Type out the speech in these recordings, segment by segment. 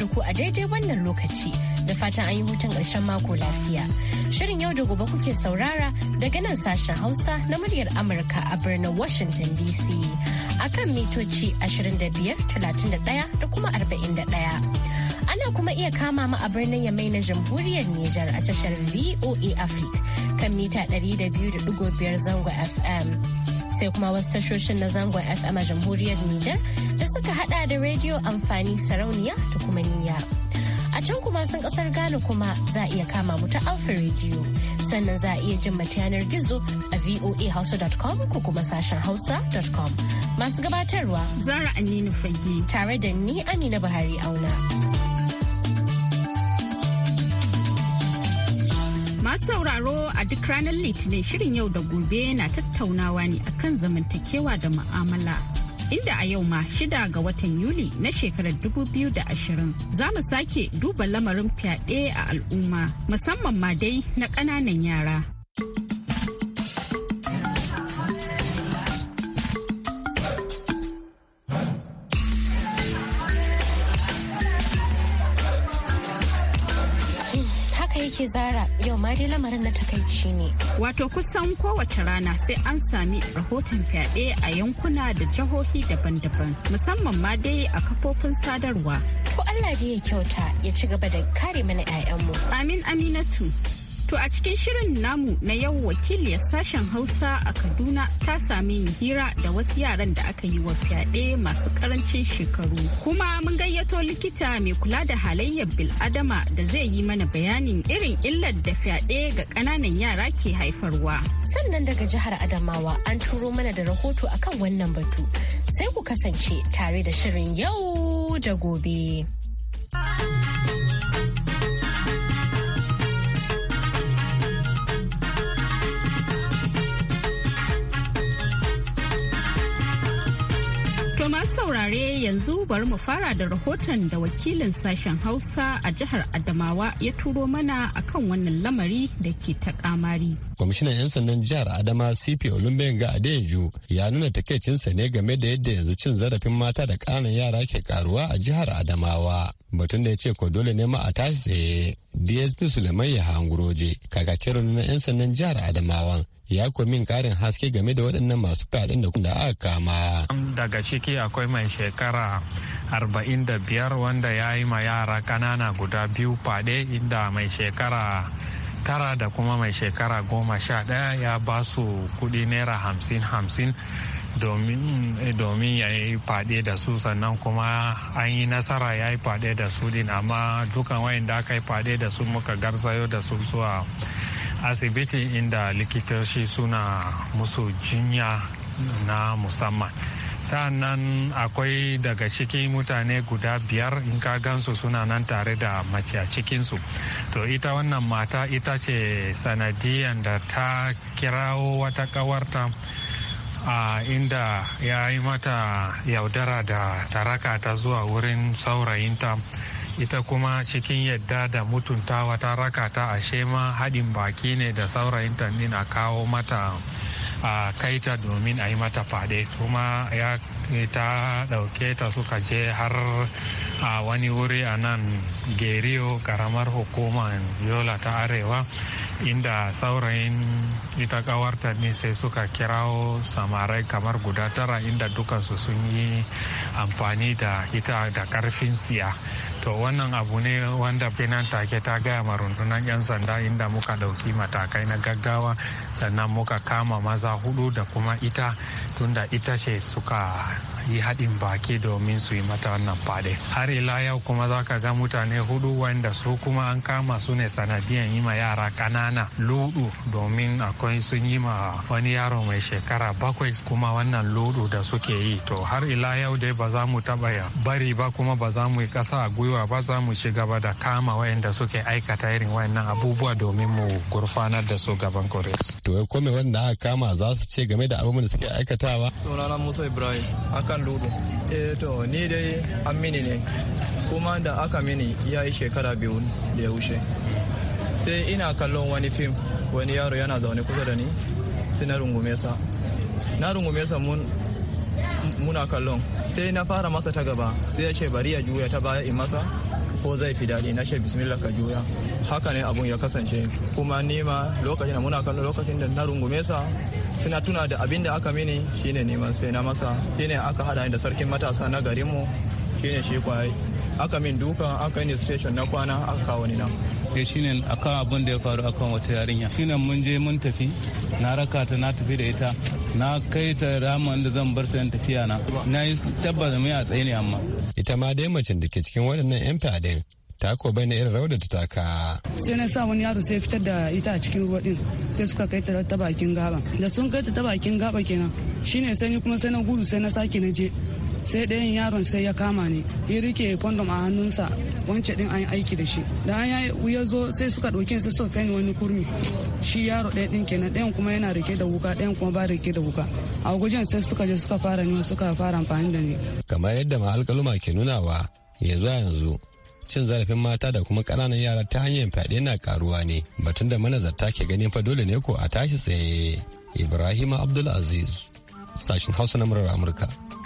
da ku a daidai wannan lokaci da fatan an yi hutun ƙarshen mako lafiya. Shirin yau da gobe kuke saurara daga nan sashen Hausa na muryar Amurka a birnin Washington DC. a kan mitoci 25, 31 da kuma 41. ana kuma iya kama mu a birnin yamai na jamhuriyar Nijar a tashar VOA Africa kan mita 200.5 zango FM. Sai kuma wasu tashoshin na zangon FM a jamhuriyar Nijar da suka hada da rediyo amfani sarauniya Manniya. A can kuma sun kasar Ghana kuma za a iya kama mu ta Alpha Radio. Sannan za a iya jin mata yanar gizo a voahausa.com ko kuma sashen hausa.com. Masu gabatarwa Zara Aminu Fage tare da ni Amina Buhari Auna. Masu sauraro a duk ranar Litinin shirin yau da gobe na tattaunawa ne akan zamantakewa da ma'amala. inda a yau ma shida ga watan Yuli na shekarar dubu biyu da ashirin za mu sake duba lamarin fyaɗe a al'umma musamman ma dai na ƙananan yara. ce zara yau ma dai lamarin na takaici ne. Wato kusan kowace rana sai an sami rahoton fyaɗe a yankuna da jihohi daban-daban musamman ma dai a kafofin sadarwa. ko Allah ya kyauta ya ci gaba da kare mana 'ya'yanmu. Amin Aminatu. To a cikin shirin namu na yau wakiliyar sashen Hausa a Kaduna ta sami yin hira da wasu yaran da aka yi wa fyaɗe masu ƙarancin shekaru. Kuma mun gayyato likita mai kula da halayyar bil'adama da zai yi mana bayanin irin illar da fyaɗe ga ƙananan yara ke haifarwa. Sannan daga jihar Adamawa an turo mana da rahoto akan wannan batu. Sai ku kasance tare da shirin yau da gobe. masu saurare yanzu bari mu fara da rahoton da wakilin sashen Hausa a jihar Adamawa ya turo mana akan wannan lamari da ke ta kamari. Kwamishinan 'yan sandan jihar Adama CP Olumbenga Adeju ya nuna takaicinsa ne game da yadda yanzu cin zarafin mata da kananan yara ke karuwa a jihar Adamawa. Batun da ya ce ko dole ne ma'a tashi tsaye. DSP Suleiman Yahanguroje kakakin na 'yan sandan jihar Adamawan ya min karin haske game da waɗannan masu fyaɗen da kuma aka kama. Daga ciki akwai mai shekara arba'in da biyar wanda ya yi ma yara ƙanana guda biyu faɗe inda mai shekara tara da kuma mai shekara goma sha ɗaya ya ba su kuɗi naira hamsin hamsin domin ya yi faɗe da su sannan kuma an yi nasara ya yi faɗe da su din amma dukan wayan da aka yi faɗe da su muka garzayo da su zuwa asibiti inda likitoci suna musu jinya na musamman sannan akwai daga ciki mutane guda biyar in ka gansu suna nan tare da mace a cikinsu to ita wannan mata ita ce sanadiyan da ta kirawo wata kawarta a inda ya yi mata yaudara da taraka ta zuwa wurin saurayinta ita kuma cikin yadda da mutuntawa ta rakata ta a shema haɗin baki ne da saurayinta din a kawo mata a kaita domin a yi mata fade kuma ya ta ɗauke ta suka je har a wani wuri a nan geriyo karamar hukumar yola ta arewa inda saurayin ita kawarta ne sai suka kirawo samarai kamar guda tara inda dukansu sun yi amfani da ita da karfin siya to wannan abu ne wanda benin take ta gaya ma rundunar 'yan sanda inda muka ɗauki matakai na gaggawa sannan muka kama maza hudu da kuma ita tunda ita ce suka yi haɗin baki domin su yi mata wannan faɗe har ila yau kuma za ka ga mutane hudu wanda su kuma an kama su ne sanadiyan yi ma yara ƙanana ludu domin akwai sun yi ma wani yaro mai shekara bakwai kuma wannan ludu da suke yi to har ila yau dai ba za mu taɓa ya bari ba kuma ba za mu yi ƙasa a gwiwa ba za mu shiga ba da kama wayanda suke aikata irin wayannan abubuwa domin mu gurfanar da su gaban kores. to ya kome wanda aka kama za su ce game da abubuwan da suke aikatawa sunana musa ibrahim kan ludu eh to ni dai an mini ne kuma da aka mini ya yi shekara biyu da ya wuce sai ina kallon wani fim wani yaro yana zaune kusa da ni sai na rungume sa na rungume sa mun muna kallon sai na fara masa ta gaba sai ya ce bari ya juya ta baya in masa ko zai fi daɗi na ce bismillah ka juya haka ne abun ya kasance kuma nema lokacin da muna kallon lokacin da na rungume sa suna tuna da abin da aka mini shine neman sai na masa shine aka hada da sarkin matasa na garinmu shine shi kwaye aka min duka aka yi station na kwana aka kawo ni nan ya shine akan abin da ya faru akan wata yarinya shine mun je mun tafi na raka ta na tafi da ita na kai ta rama da zan bar ta tafiya na na yi tabbata mai a tsaye ne amma ita ma dai macen da ke cikin waɗannan yan fadin ta ko bai na irin rawar da ta taka. sai na sa wani yaro sai fitar da ita a cikin ruwa din sai suka kai ta ta bakin gaba da sun kai ta ta bakin gaba kenan shine sai ni kuma sai na gudu sai na sake na je sai ɗayan yaron sai ya kama ni ya rike kwandom a hannunsa wance ɗin an yi aiki da shi da an ya zo sai suka ɗauki sai suka kai ni wani kurmi shi yaro ɗaya ɗin kenan ɗayan kuma yana rike da wuka ɗayan kuma ba rike da wuka a gujen sai suka je suka fara ni suka fara amfani da ni kamar yadda ma alƙaluma ke nunawa yanzu a yanzu cin zarafin mata da kuma kananan yara ta hanyar fyaɗe na karuwa ne batun da manazarta ke ganin fa dole ne ko a tashi tsaye ibrahim abdulaziz sashin hausa na murar amurka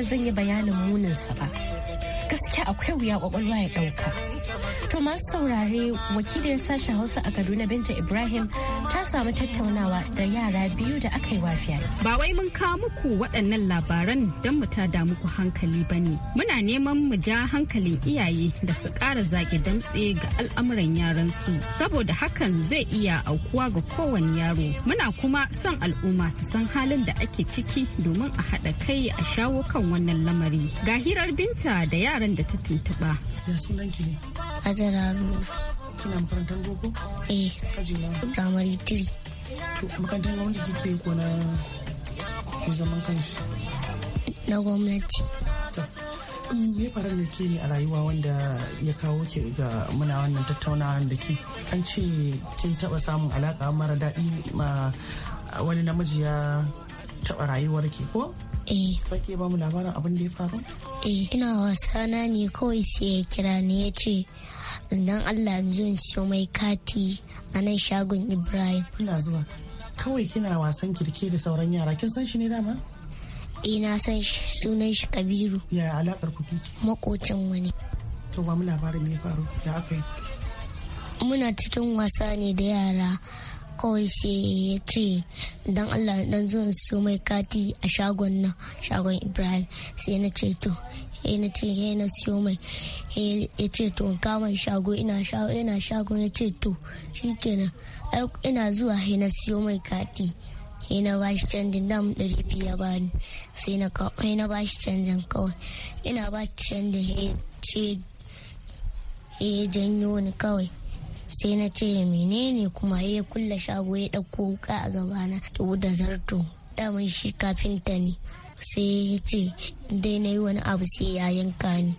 wanda zan yi bayanin munin sa ba gaskiya akwai wuya kwakwalwa ya dauka. to masu saurare wakilin sashen hausa a kaduna binta ibrahim samu tattaunawa da yara biyu da aka yi wafiya. Ba wai mun kawo muku waɗannan labaran don mu tada muku hankali ba ne. Muna neman mu ja hankalin iyaye da su ƙara zage damtse ga al'amuran yaransu. Saboda hakan zai iya aukuwa ga kowane yaro. Muna kuma son al'umma su san halin da ake ciki domin a haɗa kai a shawo kan wannan lamari. Ga hirar binta da yaran da ta tuntuɓa. Ya sunan ki ne? kina makarantar goko. eh primary kike ko na zaman kanshi na gwamnati me faran da ke ne a rayuwa wanda ya kawo ke ga muna wannan tattaunawa da ke an ce kin taba samun alaka mara daɗi ma wani namiji ya taba rayuwar ke ko Eh. Sake ba mu labarin abin da ya faru? Eh, ina wasa na ne kawai sai ya kira ne ya ce nan Allah in zo mai kati a nan shagon Ibrahim. Ina zuwa. Kawai kina wasan kirke da sauran yara kin san shi ne dama? Eh na san shi sunan shi Kabiru. Ya alakar ku Makocin wani. To ba mu labarin me faru ya aka yi. Muna cikin wasa ne da yara. kawai sai ya ce don Allah dan zuwa in siyo mai kati a shagon nan shagon Ibrahim sai na ce to ya eh, na ce ya eh, na siyo mai eh, ya ce to kama shago ina shago ina shago ya ce to shikenan ina zuwa ya na siyo mai kati sai na bashi canjin dam ɗari biyu ya bani sai na kawai na bashi canjin kawai ina bashi canjin ya janyo ni kawai sai na ce menene kuma ya kulle shago ya ɗauko wuka a gabana to da zarto daman shi kafinta ne sai ya ce dai na yi wani abu sai ya yanka ni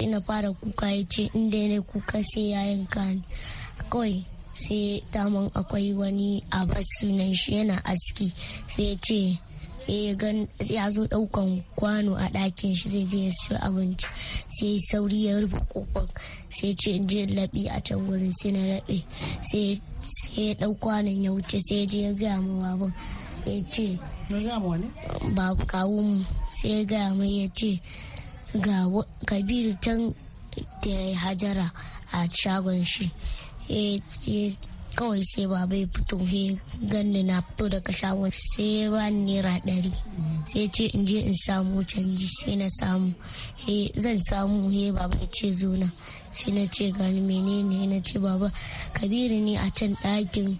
ina fara kuka ya ce in dai na kuka sai ya yanka ni kawai sai daman akwai wani abu sunan shi yana aski sai ya ce eh gan ya zo daukan kwano a ɗakin shi zai je ya siyo abinci sai sauri ya rufe kofar sai ce je laɓi a can gurin sai na laɓe sai ya ɗau kwanon ya wuce sai je ya gaya mu babu ya ce ba kawun sai ya gaya mu ya ce ga kabiru can da hajara a shagon shi kawai sai baba ya fito he ganni na fito daga shagon sai ba nera naira ɗari sai ce in je in samu canji sai na samu he zan samu he baba ya ce zo na sai na ce gani menene na ce baba kabiru ne a can dakin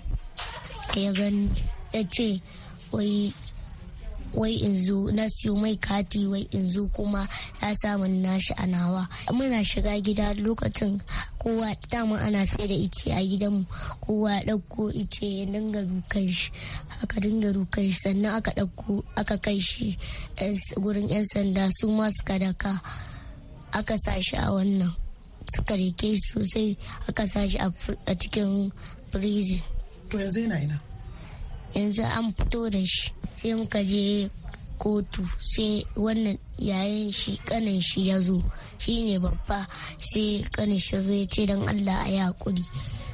ya gani ya ce wai wai in zo na siyo mai kati wai in zo kuma ya samu nashi a nawa muna shiga gida lokacin kowa dama ana sai da ice a gidanmu kowa ya ɗauko ice ya dinga rukan shi aka dinga rukan shi sannan aka ɗauko aka kai shi gurin 'yan sanda su ma suka daka aka sa shi a wannan suka rike shi sosai aka sa shi a cikin prison to yanzu yana ina yanzu an fito da shi sai muka je kotu sai wannan yayin shi kanin shi ya zo shi ne babba sai kanin shi zo ya ce don allah a ya hakuri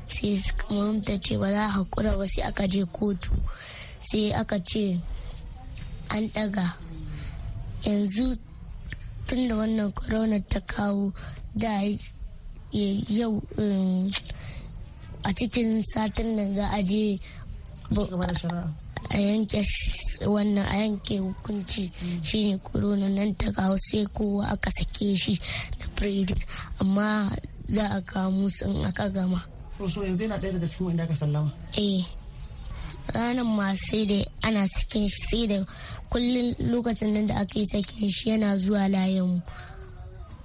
sai mamta ce ba za hakura ba sai aka je kotu sai aka ce an daga yanzu tun da wannan corona ta kawo da yau eh, a cikin satin nan za a je a yanke wannan a yanke hukunci shine korona nan ta kawo sai kowa aka sake shi da firidi amma za a kawo musu in aka gama so yanzu yana ɗaya daga cikin wanda aka sallama eh ranar ma sai da ana sakin shi sai da kullum lokacin nan da aka yi sakin shi yana zuwa layin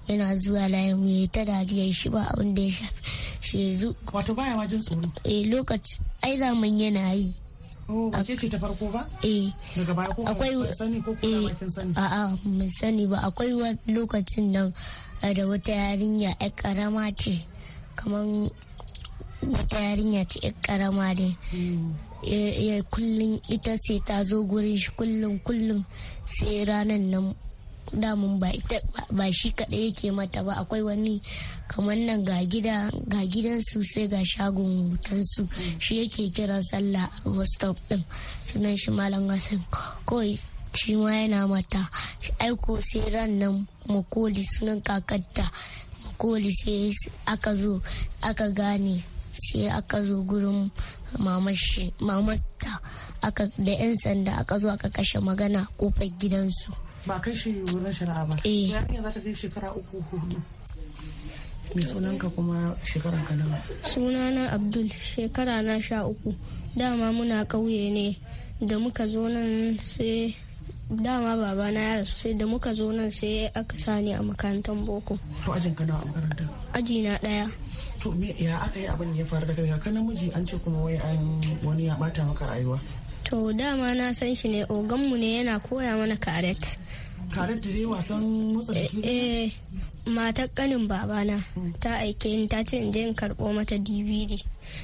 yana zuwa layin mu ya ta dariyar shi ba abin da ya shafi shi zu wato baya ma jin tsoro eh lokacin ai zaman yana yi Oh, ce ta farko ba? Eh. Daga baya ko akwai sani ko kuma eh, sani? A'a, mun sani ba. Akwai wani lokacin nan eh, da wata yarinya ya karama ce. Kaman wata yarinya ce ya karama ne. ya kullum ita sai ta zo gurin shi kullum kullum sai ranan nan damun ba ita ba shi kaɗai yake mata ba akwai wani kamar nan ga gida ga su sai ga shagon su shi yake kiran sallah a stop din sunan shi malam gasan kawai shi ma yana mata aiko sai ran nan makoli sunan kakarta makoli sai aka zo aka gane sai aka zo gurin mamasta da 'yan sanda aka zo aka kashe magana kofar gidansu ba kai shi wurin shari'a ba eh. yarinya za ta kai shekara uku hudu mai sunanka kuma shekaran ka nawa sunana abdul shekara na sha uku dama muna kauye ne da muka zo nan sai dama baba na yara sosai da muka zo nan sai aka sani a makarantar boko to ajin ka nawa a makarantar aji na daya to me ya aka yi abin ya faru daga kai ka namiji an ce kuma wai an wani ya bata maka rayuwa to dama na san shi ne oganmu ne yana koya mana karet kare da wasan motsa eh, jiki eh matar kanin babana hmm. ta aike ni ta ce in je in karɓo mata dvd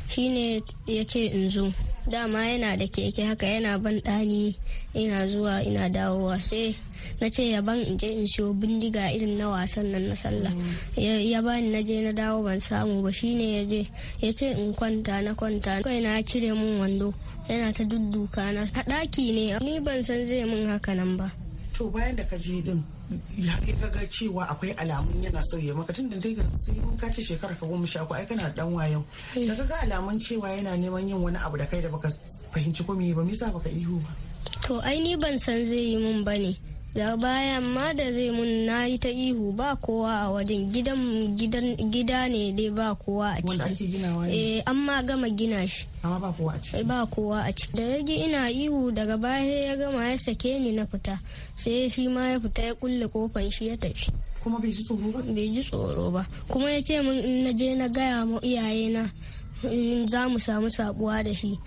shine ya ce in zo dama yana da keke haka yana ban ɗani ina zuwa ina dawowa sai na ce ya ban in je in siyo bindiga irin na wasan nan na sallah hmm. ya bani na je na dawo ban samu ba shine ya je ya ce in kwanta na kwanta kai na cire mun wando yana ta dudduka na haɗaki ne ni ban san zai mun haka nan ba to bayan da ka je din ya ka ga cewa akwai alamun yana sauya maka tun da dai ga ka kace shekara ka goma sha ku ai kana dan wayo da ka ga alamun cewa yana neman yin wani abu da kai da baka fahimci ko me ba me yasa baka ihu ba to ai ni ban san zai yi mun bane da bayan ma da zai mun na yi ta ihu ba kowa a wajen gidan gida ne dai ba kowa a ciki amma eh, gama gina shi amma ba kowa a ciki da yaji ina ihu daga baya ya gama ya sake ni na fita sai shi ma ya fita ya kulle kofan shi ya tafi kuma bai ji tsoro ba bai ji tsoro ba kuma ya ce min na je na gaya ma iyayena za mu samu sabuwa da shi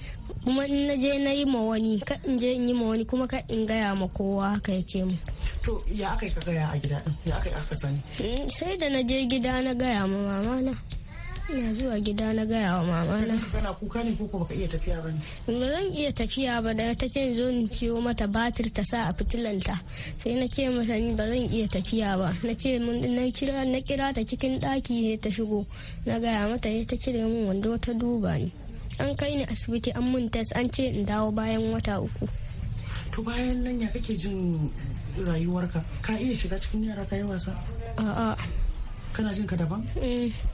kuma in na je na yi ma wani ka in je in yi ma wani kuma ka in gaya ma kowa haka ya ce mu to ya aka yi ka gaya a gida ya aka yi aka sani mm, sai da na je gida na gaya ma mama na ina zuwa gida na gaya wa mama na kana kuka ne ko baka iya tafiya ba ne ba zan iya tafiya ba da ta ce zo ni siyo mata batir ta sa a fitilanta sai na ce mata ni ba zan iya tafiya ba na ce mun na kira na kira ta cikin daki ta shigo na gaya mata ta cire min wando ta duba ni an kai ni asibiti an mun tas an ce in dawo bayan wata uku to bayan nan ya kake jin rayuwarka ka iya shiga cikin yara ka yi wasa a'a kana jin ka daban mm.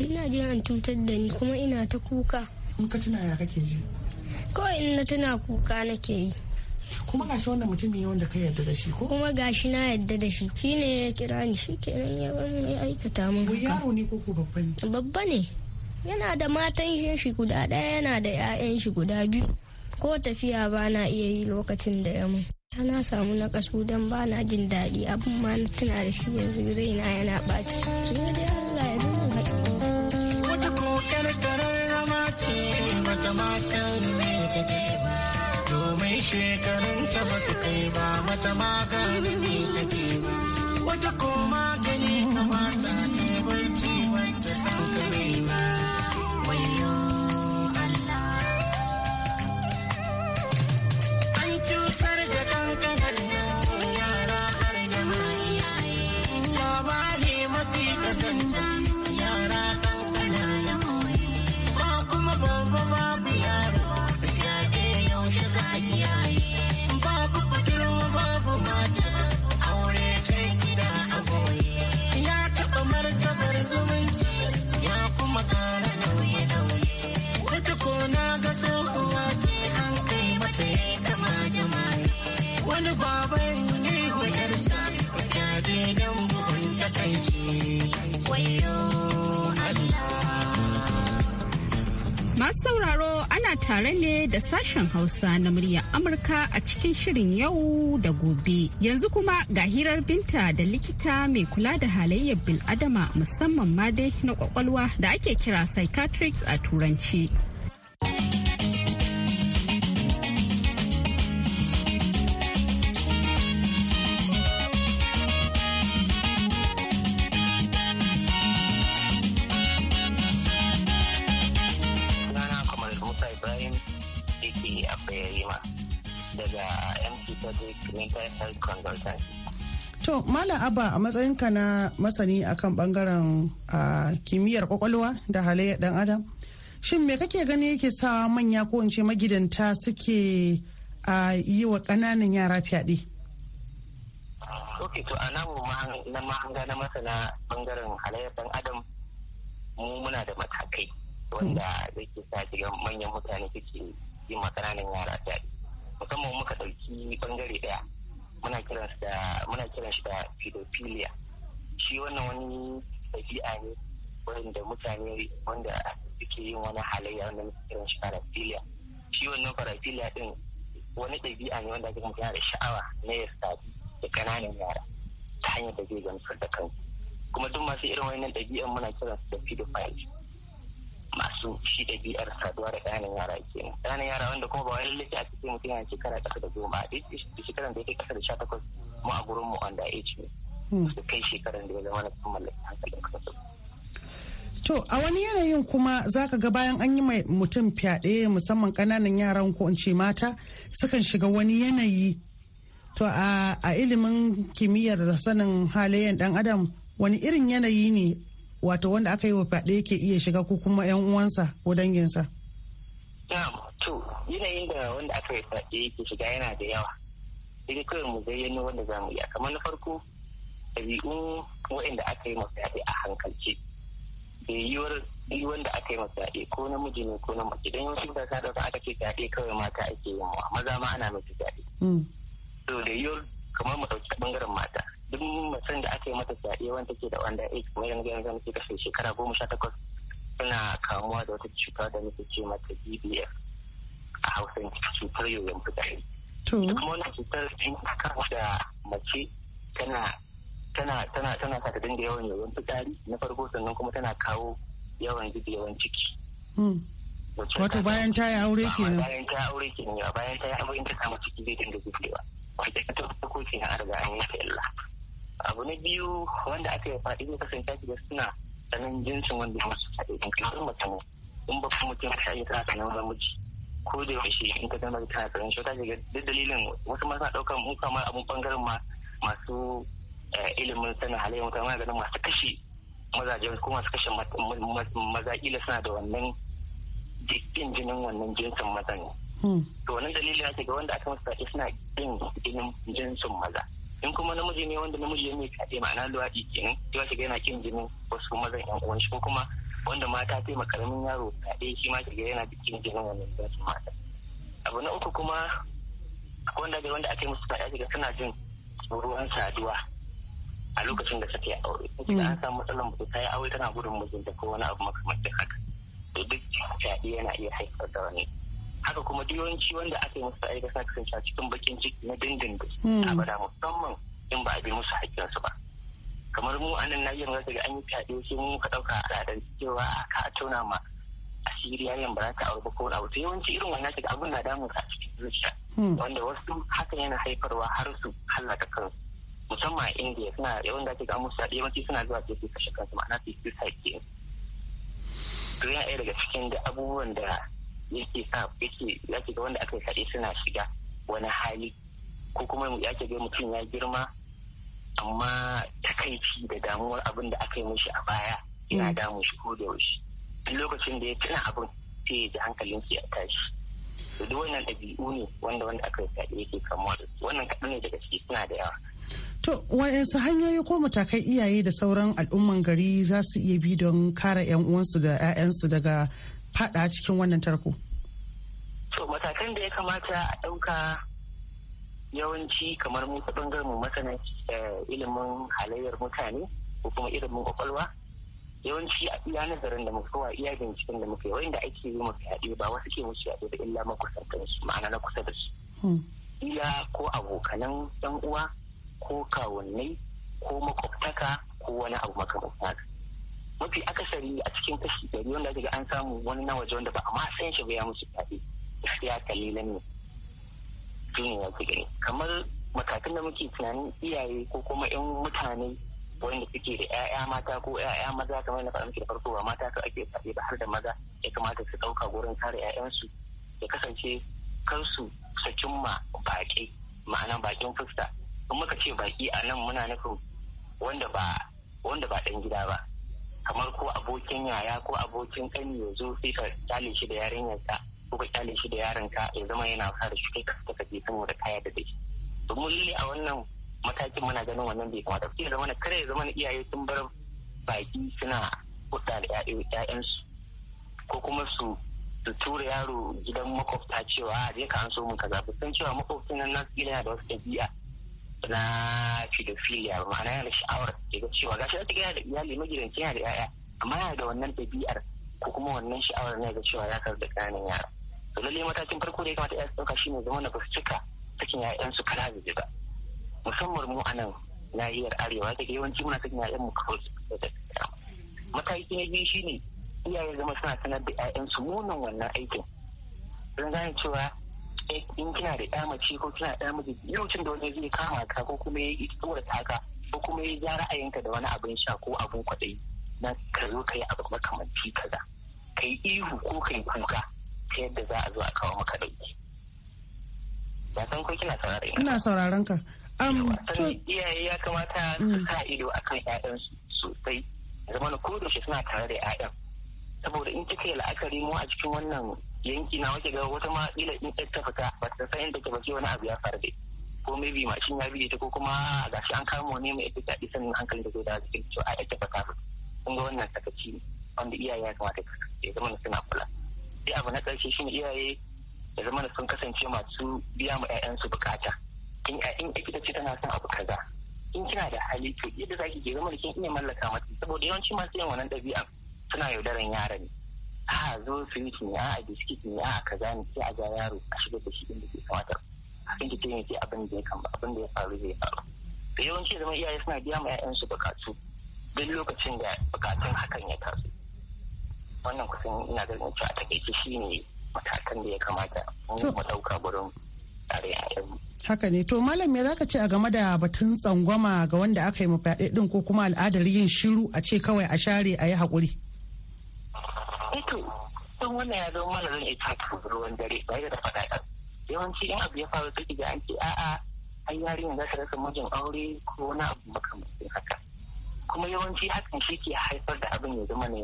ina jin an cutar da ni kuma ina ta kuka in ka tuna ya kake ji kawai in na tuna kuka nake yi kuma gashi wannan mutum ne wanda ka yarda da shi ko kuma gashi na yarda da shi shi ne ya kira ni shikenan ya wani ya aikata mun ko yaro ne ko ko babba ne babba ne yana da matan shi guda ɗaya yana da 'ya'yan shi guda biyu ko tafiya ba na iya yi lokacin da ya mun na samu na kasu don ba na jin daɗi abin ma na tuna da shi yanzu raina yana ɓaci shekarun ta ba su kai ba mata maganin ne take ba wata ko magani tare ne da sashen Hausa na murya Amurka a cikin shirin yau da gobe. Yanzu kuma ga hirar binta da likita mai kula da halayyar bil'adama musamman ma dai na kwakwalwa da ake kira psychiatrics a turanci. abba a matsayinka na masani akan bangaren kimiyyar kwakwalwa da halayyar dan adam shin me kake gani yake sa manya ko ce magidanta suke a yi wa ƙananan yara fyaɗe to a namu na mahanga na masana bangaren halayyar dan adam mu muna da matakai wanda zai ke sa shiga manyan mutane suke yin ma ƙananan yara fyaɗe musamman muka ɗauki bangare ɗaya muna kira da muna kira shi da pedophilia shi wannan wani ɗabi'a ne wanda mutane wanda suke yin wani halayya wanda muke kiran shi paraphilia shi wannan paraphilia din wani ɗabi'a ne wanda zai yana da sha'awa na ya sadu da ƙananan yara ta hanyar da zai gamsar da kansu kuma duk masu irin wannan ɗabi'an muna kiran su da pedophiles masu shi da biyar saduwa da ƙananan yara ke ƙananan yara wanda kuma ba wani lalace a cikin mutum yana shekara ƙasa da goma a shekaran da ya kai ƙasa da sha takwas mu a gurin mu wanda age ne hmm. su kai shekaran da ya zama na sun mallaki hankalin kansu. To a wani yanayin kuma zaka ga bayan an yi mai mutum fyaɗe musamman ƙananan yaran ko in ce mata sukan shiga wani yanayi to a ilimin kimiyyar sanin halayen ɗan adam wani irin yanayi ne wato wanda aka yi wa fyaɗe yake iya shiga ko kuma 'yan uwansa ko danginsa? to yanayin da wanda aka yi fyaɗe yake shiga yana da yawa sai kawai mu zayyano wanda za mu yi kamar na farko ɗabi'un wa'inda aka yi fyaɗe a hankalce da yiwuwar duk wanda aka yi fyaɗe ko namiji ne ko na mace don yawancin da ka ɗauka aka ce fyaɗe kawai mata ake yi maza ma ana mai fyaɗe. Mm. to da yiwuwar kamar mu ɗauki ɓangaren mata duk mutum da aka yi mata fyaɗe wanda ke da wanda age kuma yanzu yanzu da kashe shekara goma sha takwas suna kamuwa da wata cuta da muke ce mata DBF e a hausan cutar yoyon fitsari. Duk kuma wannan cutar in kama da mace tana tana tana tana sa ta dinga yawan yoyon fitsari na farko sannan kuma tana kawo yawan zubewan ciki. Hmm. Wato bayan ta yi aure ke nan Bayan ta yi aure ke kenan bayan ta yi aure in ta samu ciki zai dinga zubewa. Wanda ta farko kenan na riga an yi ta illa. abu na biyu wanda aka yi faɗi ne kasance shi da suna sanin jinsin wanda ya masu faɗi don kamar mutum in ba kuma mutum ka yi kana sanin namiji ko da yaushe in ka zama kana sanin shi ta ga duk dalilin wasu masu ɗaukar mu kamar abun bangaren ma masu eh, ilimin sanin halayen mutane muna ganin masu kashe mazaje ko masu kashe maza ila suna da wannan jikin jinin wannan jinsin maza ne. Hmm. To wannan dalilin ya ga wanda aka masu faɗi suna jin jinin jinsin maza. in kuma namiji ne wanda namiji ne kaɗe ma'ana luwaɗi kenan sai shiga yana kin jinin wasu mazan yan uwan shi ko kuma wanda mata ta ma karamin yaro kaɗe shi ma shiga yana kin jinin wannan su mata abu na uku kuma wanda da wanda aka yi musu kaɗe shiga suna jin ruwan saduwa a lokacin da suke aure kuma an samu matsalar mutum ta yi aure tana gudun mijinta ko wani abu makamantar haka to duk kaɗe yana iya haifar da wani haka kuma duk yawanci wanda aka yi musu aika sa a cikin bakin ciki na dindindin abada hmm. musamman in ba a bi musu haƙƙinsu ba kamar mu anan na yin rasa ga an yi fyaɗe sai mu ka ɗauka a da cewa ka a tona ma asiri yayin ba za ta auri ba ko abu yawanci irin wannan shiga abin na damun ka a cikin zuciya hmm. wanda wasu hakan yana haifarwa har su hallaka kansu musamman a indiya suna yawan da ake ga musu fyaɗe yawanci suna zuwa sai su kashe kansu ma'ana su yi suicide to yana ɗaya daga cikin da abubuwan da yake sa yake yake ga wanda aka kaɗe suna shiga wani hali ko kuma ya ke ga mutum ya girma amma takaici da damuwar abin da aka yi mishi a baya yana mm. damu shi ko da yaushe duk lokacin da ya tuna abin sai ya ji hankalin ya tashi to duk wannan ɗabi'u ne wanda wanda aka kaɗe yake kamuwa da su wannan kaɗan ne daga ciki suna da yawa To, waɗansu hanyoyi ko matakai iyaye da sauran al'umman gari za su iya bi don kare 'yan uwansu da 'ya'yansu daga fada cikin wannan tarko? So matakan da ya kamata a ɗauka yawanci kamar mu bangaren mu masana eh, ilimin halayyar mutane ko kuma ilimin kwakwalwa yawanci a iya nazarin da muka wa iya binciken da muka yi wanda ake yi muka yaɗe ba wasu ke musu yaɗe da illa makusantan su ma'ana na kusa da su. Hmm. Ila ko abokanan ɗan uwa ko kawunnai ko makwabtaka ko wani abu makamata. mafi akasari a cikin kashi ɗari wanda daga an samu wani na waje wanda ba a ma san shi ba ya musu fyaɗe ya kalilan ne shine ya gani kamar matakan da muke tunanin iyaye ko kuma yan mutane wanda suke da 'ya'ya mata ko 'ya'ya maza kamar na faɗa muke da farko ba mata ka ake faɗe ba har da maza ya kamata su ɗauka gurin kare 'ya'yansu ya kasance kar su sakin ma baƙi ma'ana baƙin fuska in muka ce baƙi a nan muna nufin wanda ba wanda ba ɗan gida ba kamar ko abokin yaya ko abokin kani ya zo sai ka kyale shi da ka ko ka kyale shi da ka ya zama yana fara shi kai ka saka je wani kaya da dai to mun a wannan matakin muna ganin wannan bai kamata sai zama na kare zama na iyaye sun bar baki suna hudda da su ko kuma su su tura yaro gidan makwabta cewa a je ka an so mun kaza sun cewa makwabcin nan nasu yana da wasu ɗabi'a na ba ma'ana yana sha'awar daga ga cewa gashi wata gina da iyali magidanci yana da 'ya'ya amma yana da wannan ɗabi'ar ko kuma wannan sha'awar na ga cewa ya karɓi ƙananan yara to lalle matakin farko da ya kamata ya ɗauka shine zama na basu cika sakin ƴaƴansu kala da ba musamman mu a nan nahiyar arewa ke yawanci muna sakin ƴaƴanmu kawai da mataki na biyu shine iyaye zama suna sanar da ƴaƴansu munin wannan aikin don gane cewa Eh, in kina da ya mace ko kina da mace lokacin da wani zai kama ka ko kuma ya yi tsora taka ko kuma ya ja ra'ayinka da wani abin sha ko abin kwaɗayi na ka zo ka yi abu makamanci kaza ka yi ihu ko ka yi kuka ta yadda za a zo a kawo maka ɗauki. Ba san ko kina sauraron Ina sauraron ka. Um, iyaye ya kamata su mm. sa ido a kan ƴaƴansu sosai. Zamana ko da suna tare da ƴaƴan. Saboda in kika yi la'akari mu a cikin wannan yanki na wace ga wata ma ila in ta fita ba ta san inda ta ba wani abu ya faru dai ko maybe mashin ya bide ta ko kuma gashi an kama ne mai ita daɗi sannan hankali da zai dawo cikin cewa a ita fita kun ga wannan sakaci wanda iyaye ya kamata ya zama na suna kula sai abu na ƙarshe shine iyaye ya zama na sun kasance masu biya ma 'ya'yansu bukata in in ita ce tana son abu kaza in kina da hali to yadda zaki ke zama da kin iya mallaka mata saboda yawanci masu yin wannan ɗabi'a suna yaudaran yara ne a zo sweet ne a biskit ne a kaza ne sai a ga yaro a shiga da shi inda ke kamata inda ta yi abin da ya kama abin da ya faru zai faru da yawanci zama iyaye suna biya ma 'ya'yansu bukatu duk lokacin da bukatun hakan ya taso wannan kusan ina ganin cewa a takaice shi ne matakan da ya kamata mu ɗauka gurin a yau haka ne to malam me zaka ce a game da batun tsangwama ga wanda aka yi mafaɗe ɗin ko kuma al'adar yin shiru a ce kawai a share a yi haƙuri Ito, sun wannan ya zama mana zan ita ruwan dare ba da faɗaɗa. Yawanci in abu ya faru ta ga an ce a'a an yarin za ta rasa mijin aure ko wani abu makamancin haka. Kuma yawanci hakan shi ke haifar da abin ya zama na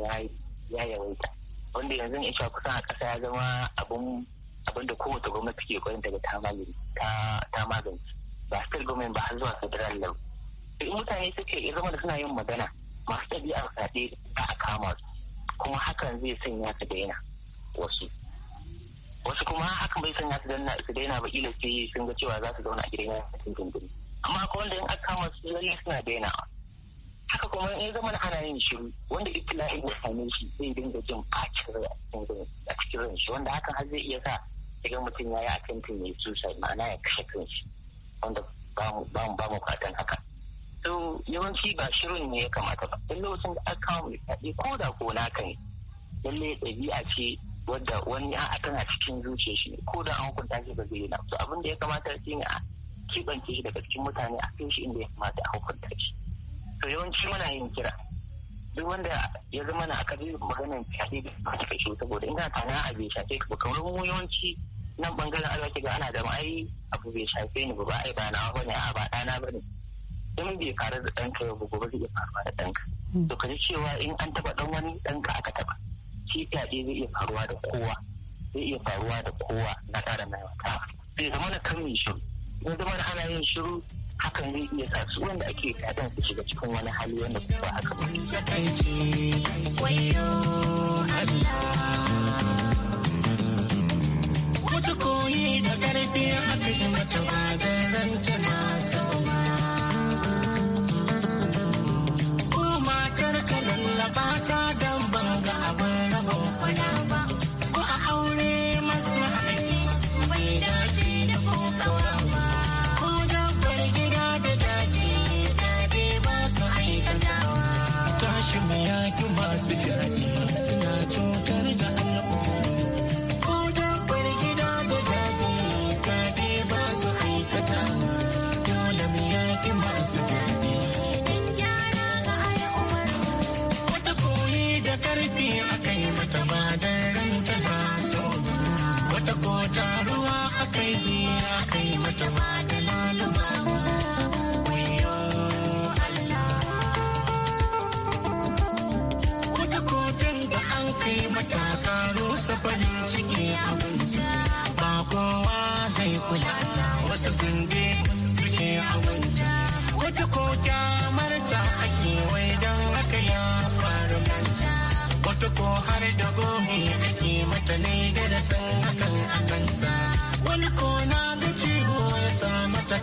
ya yawaita. Wanda yanzu in sha kusan a ƙasa ya zama abin abin da kowace gwamnati ke kwanin daga ta magance. Ba state government ba har zuwa federal level. In mutane suke ya zama da suna yin magana masu ɗabi'ar kaɗe a kama su. kuma hakan zai sanya su daina wasu wasu kuma hakan bai sanya su daina su daina ba ila sai sun ga cewa za su zauna a gidan yara cikin dindin amma ko wanda in aka kama su lalle suna daina haka kuma in ya zama ana yin shiru wanda ibtila'in ya same shi zai dinga jin bacin rai a cikin ran shi wanda hakan har zai iya sa idan mutum ya yi a ya mai sosai ma'ana ya kashe shi wanda ba mu fatan haka so yawanci ba shirin ne ya kamata ba in lokacin da aka kawo mai ko da ko naka ne lalle ɗabi'a ce wadda wani a tana cikin zuciya shi ko da an hukunta shi ba zai yi na so abin da ya kamata shi ne a kibance shi daga cikin mutane a kai shi inda ya kamata a hukunta shi to yawanci muna yin kira duk wanda ya zama na aka zai maganar fyaɗe da ba ta shi saboda ina tana a bai shafe ka ba kamar mu yawanci nan bangaren alwaki ga ana da ma'ai abu bai shafe ni ba ba ai ba na ba ne a ba ɗana ba ne in bai faru da ɗanka yau gobe zai iya faruwa da ɗanka to ka ji cewa in an taɓa ɗan wani ɗanka aka taɓa shi fyaɗe zai iya faruwa da kowa zai iya faruwa da kowa na ƙara mai wata bai zama na kan mai shiru ya zama da ana yin shiru hakan zai iya sa su wanda ake fyaɗen su shiga cikin wani hali wanda ba haka ba. koyi da ƙarfi aka yi mata ba da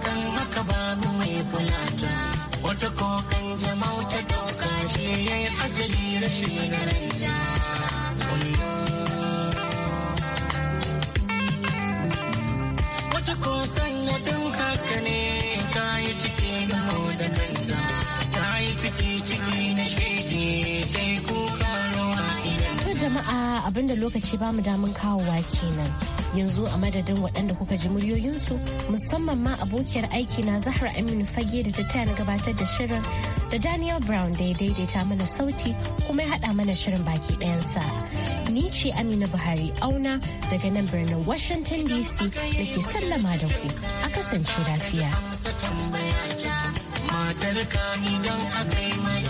dan haka babu mai kula wata kokan jama'u ta dauka shi yayi ajali rashi na ranta wata kosan ya abinda lokaci ba mu damun kawowa kenan yanzu a madadin waɗanda kuka ji muryoyinsu musamman ma abokiyar aiki na zahra aminu fage da ta taya na gabatar da shirin da daniel brown da ya daidaita mana sauti kuma ya haɗa mana shirin baki ɗayansa ni ce amina buhari auna daga nan birnin washington dc da ke sallama da ku a kasance lafiya. Matar